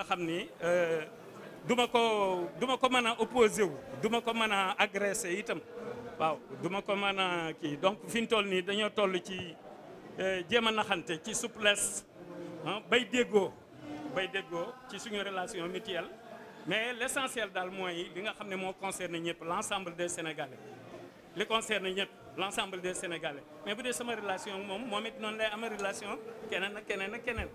nga xam ni euh, du ma ko du ma ko mën a opposé wu du ma ko mën a agressé itam waaw du ma ko mën a kii donc fi ñu toll nii dañoo toll ci euh, jéem a naxante ci souplesse bay déggoo bay déggoo ci suñu relation mutuelle mais l' essentiel daal mooy li nga xam ne moo concerne ñëpp l' ensemble des sénégalais li concerne ñëpp l' de des sénégalais mais bu dee sama relation moom moom it noonu lay ama relation keneen ak keneen ak keneen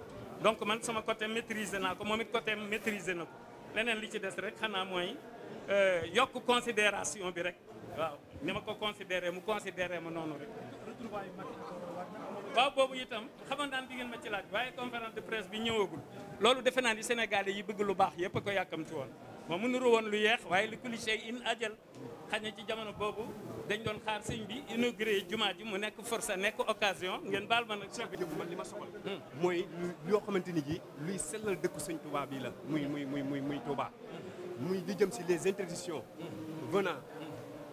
donc man sama côté maîtriser naa ko moom it côté maîtriser na ko leneen li ci des rek xanaa mooy euh, yokk consideration bi rek waaw ni ma ko considéré mu considéré ma noonu rek waaw boobu itam xamoon daan di ma ci laaj waaye conférence de presse bi ñëwagul loolu defe naa ni Sénégalais yi bëgg lu baax yëpp a ko yàkkamti woon moom mu nuru woon lu yeex waaye li cliché in ajal xaj na ci jamono boobu dañ doon xaar sëñ bi inauguré jumaa ji mu nekk force nekk occasion ngeen baal ma nag. man li ma soxal. Hmm. mooy yoo ni ji luy sellal dëkku sëñ Touba bi la muy muy muy muy muy Touba. muy di jëm si les interdictions. venant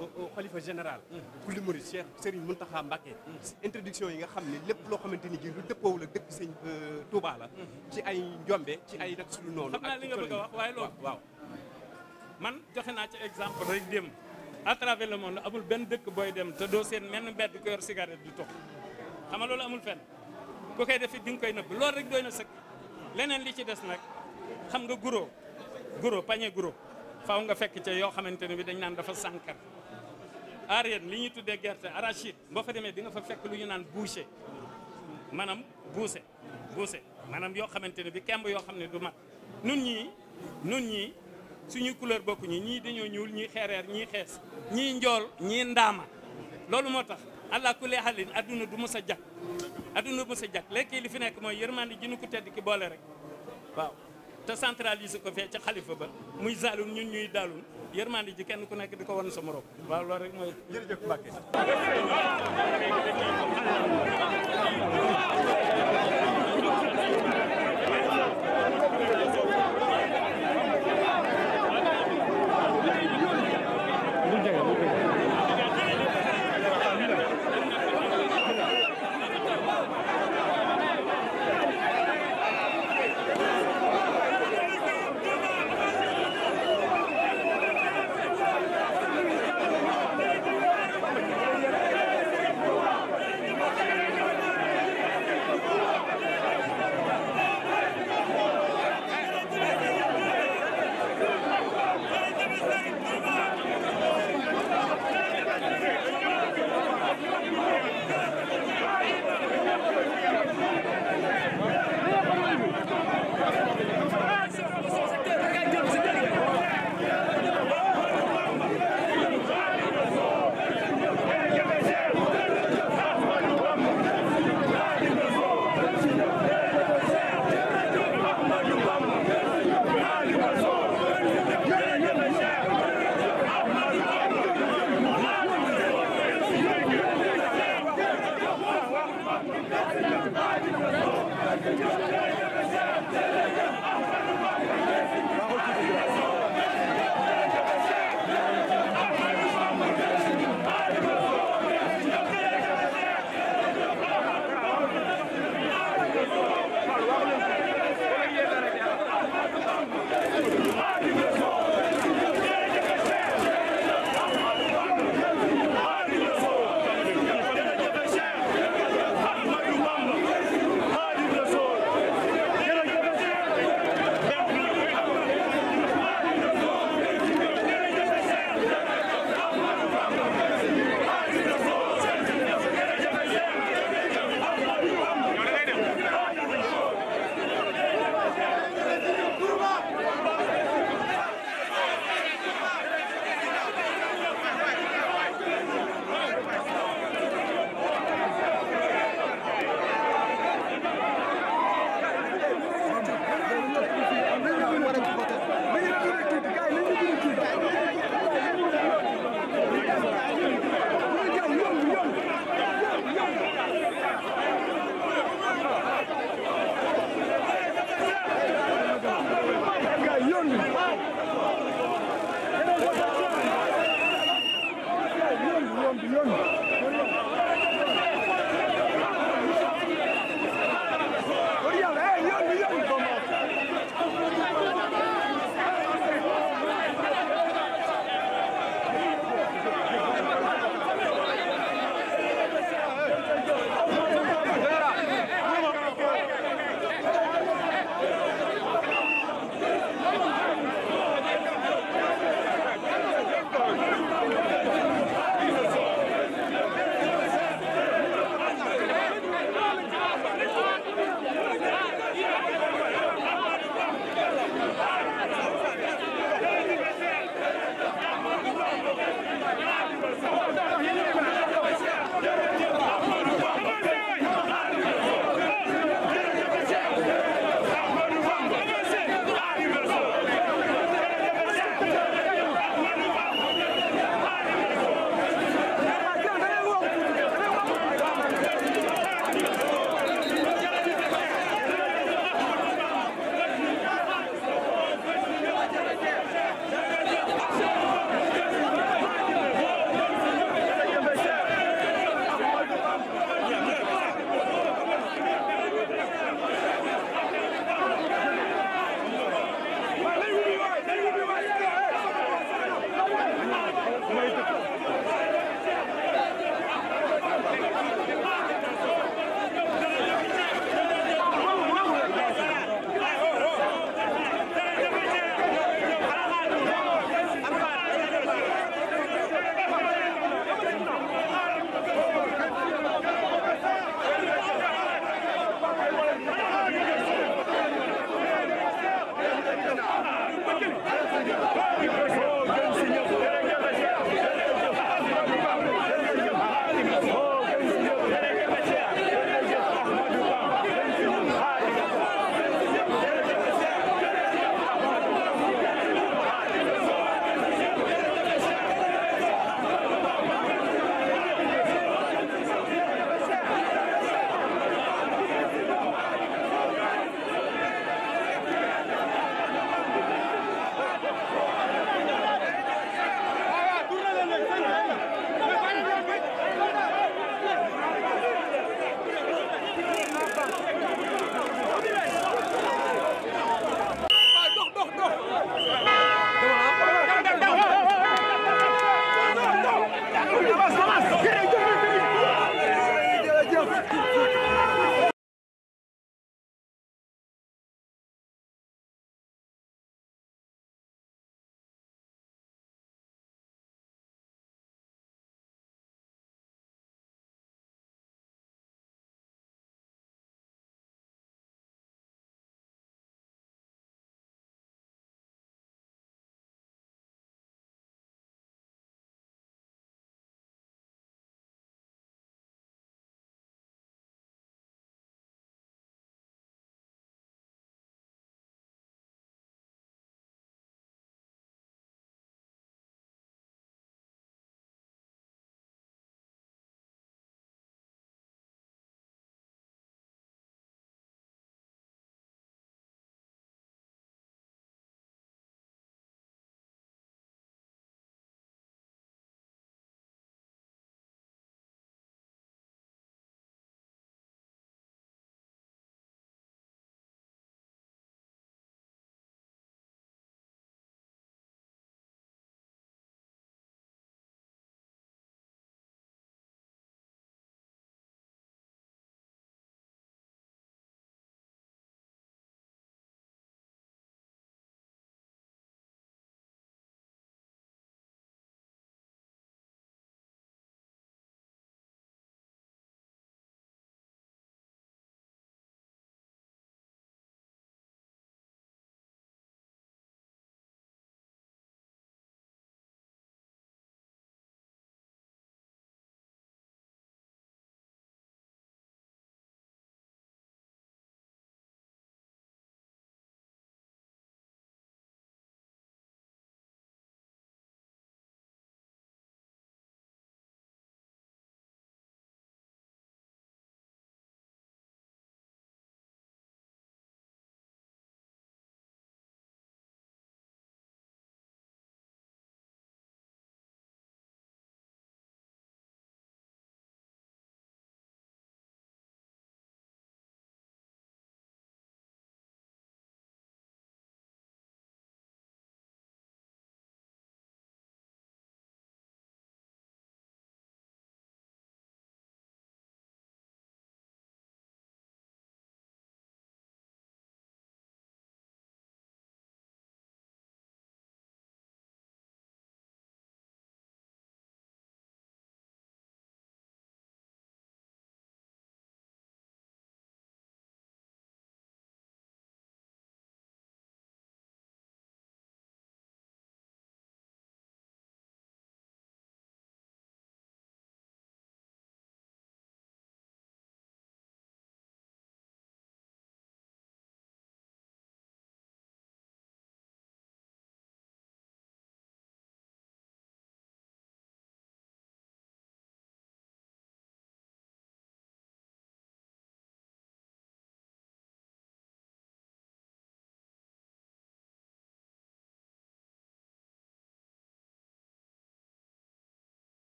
au xalifa général. pour le Mouride Cheikh Serigne Mountakha Mbacké. yi nga xam ni lépp loo xamante ni ji lu dëppoowul ak dëkk sëñ euh, Touba la. ci ay njombe ci ay nag suñu noonu. ak xam a wax waaye loolu waaw. man joxe naa ci exemple rek dem à travers le monde amul benn dëkk booy dem te doo seen menn mbedd ko yor cigarette du tox xam nga loolu amul fenn ku koy def di nga koy nëbb loolu rek doy na sëkk leneen li ci des nag xam nga guro guro pañe guro faaw nga fekk ca yoo xamante ne bi dañ naan dafa sànkar aareen li ñuy tuddee gerte arachide boo fa demee di nga fa fekk lu ñu naan bouché maanaam buuse buuse maanaam yoo xamante ne bi kemb yoo xam ne du mag nun ñii nun ñii suñu couleur bokkuñu ñii dañoo ñuul ñuy xeereer ñii xees ñii njool ñii ndaama loolu moo tax allah kulli halin adduna du mës a jag adduna du mës a jag léegi li fi nekk mooy yërmande ji nu ko tedd ki boole rek waaw te centraliser ko fee ca xalifa ba muy zaalum ñun ñuy daalum yërmande ji kenn ku nekk di ko wan sa waaw lool rek mooy jërëjëf Mbacke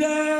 Bismillah